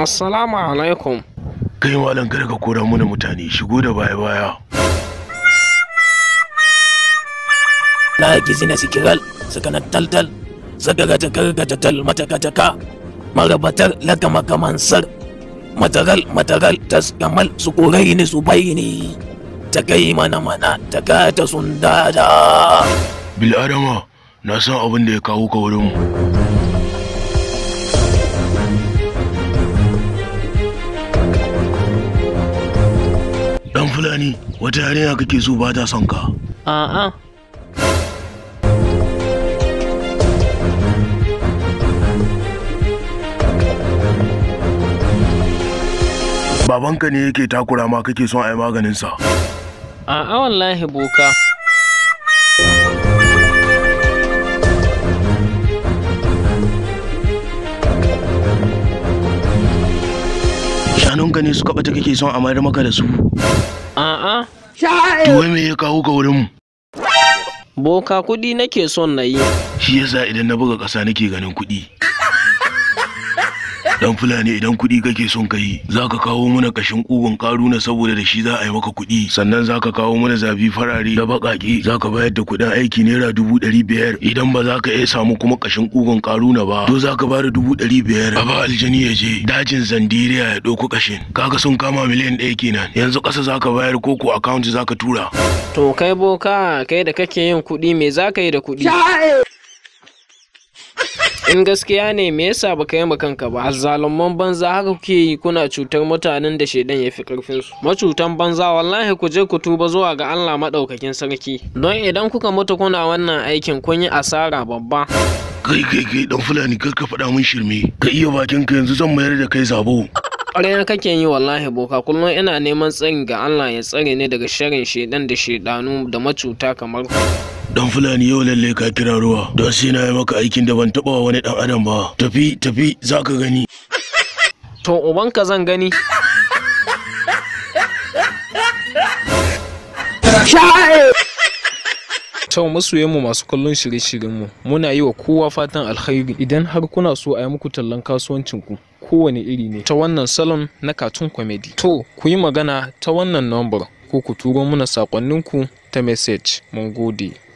Assalamu alaikum. Kai malam kada ka kora mana mutane shigo da baya baya. Na zina sikiral na taltal sagagata kargata tal matakataka marabatar laka makamansar matagal matagal kamal su korai ne su bai ne ta kai mana mana ta kata dada. Bil'adama na san abin da ya kawo ka wurin mu. Fulani, wata yarinya kake so ba ta son ka. A'a. Babanka ne yake takura ma kake son a maganin sa. A'a wallahi boka. Shanunka ne suka bata kake son a mayar maka da su? A'a. To wai me ya kawo ka wurin mu? Boka kuɗi nake son na yi. Shi yasa idan na buga ƙasa nake ganin kuɗi. dan fulani idan kuɗi kake son ka yi za ka kawo mana kashin ƙugun karuna saboda da shi za a yi maka kuɗi sannan za ka kawo mana zabi farare da baƙaƙe za ka bayar da kuɗin aiki naira dubu ɗari biyar idan ba za ka iya samu kuma kashin kugun karuna ba to za ka ba da dubu ɗari biyar a ba aljani ya je dajin zandiriya ya ɗauko kashin kaga sun kama miliyan ɗaya kenan yanzu ƙasa za ka bayar ko ko account za ka tura. to kai boka kai da kake yin kuɗi me za ka yi da kuɗi. in gaskiya ne me yasa baka yi kanka ba zalumman banza haka kuke yi kuna cutar mutanen da shaidan ya fi karfin su macutan banza wallahi ku je ku tuba zuwa ga Allah madaukakin sarki don idan kuka mutu kuna wannan aikin kun yi asara babba kai kai kai dan fulani kar ka faɗa min shirme ka iya bakin ka yanzu zan mayar da kai zabo ƙarya kake yi wallahi boka kullum ina neman tsari ga Allah ya tsare ni daga sharin shaidan da shedanu da macuta kamar ku dan fulani yau lalle ka kira ruwa don sai na yi maka aikin da ban taba wani dan adam ba tafi tafi za ka gani to ubanka zan gani Tau masoyanmu masu kallon shirye-shiryenmu muna yi wa kowa fatan alkhairi idan har kuna so a yi muku tallan kasuwancinku kowane iri ne ta wannan salon na katun comedy. To ku yi magana ta wannan number ko ku turo muna sakonninku ta message. Mun gode.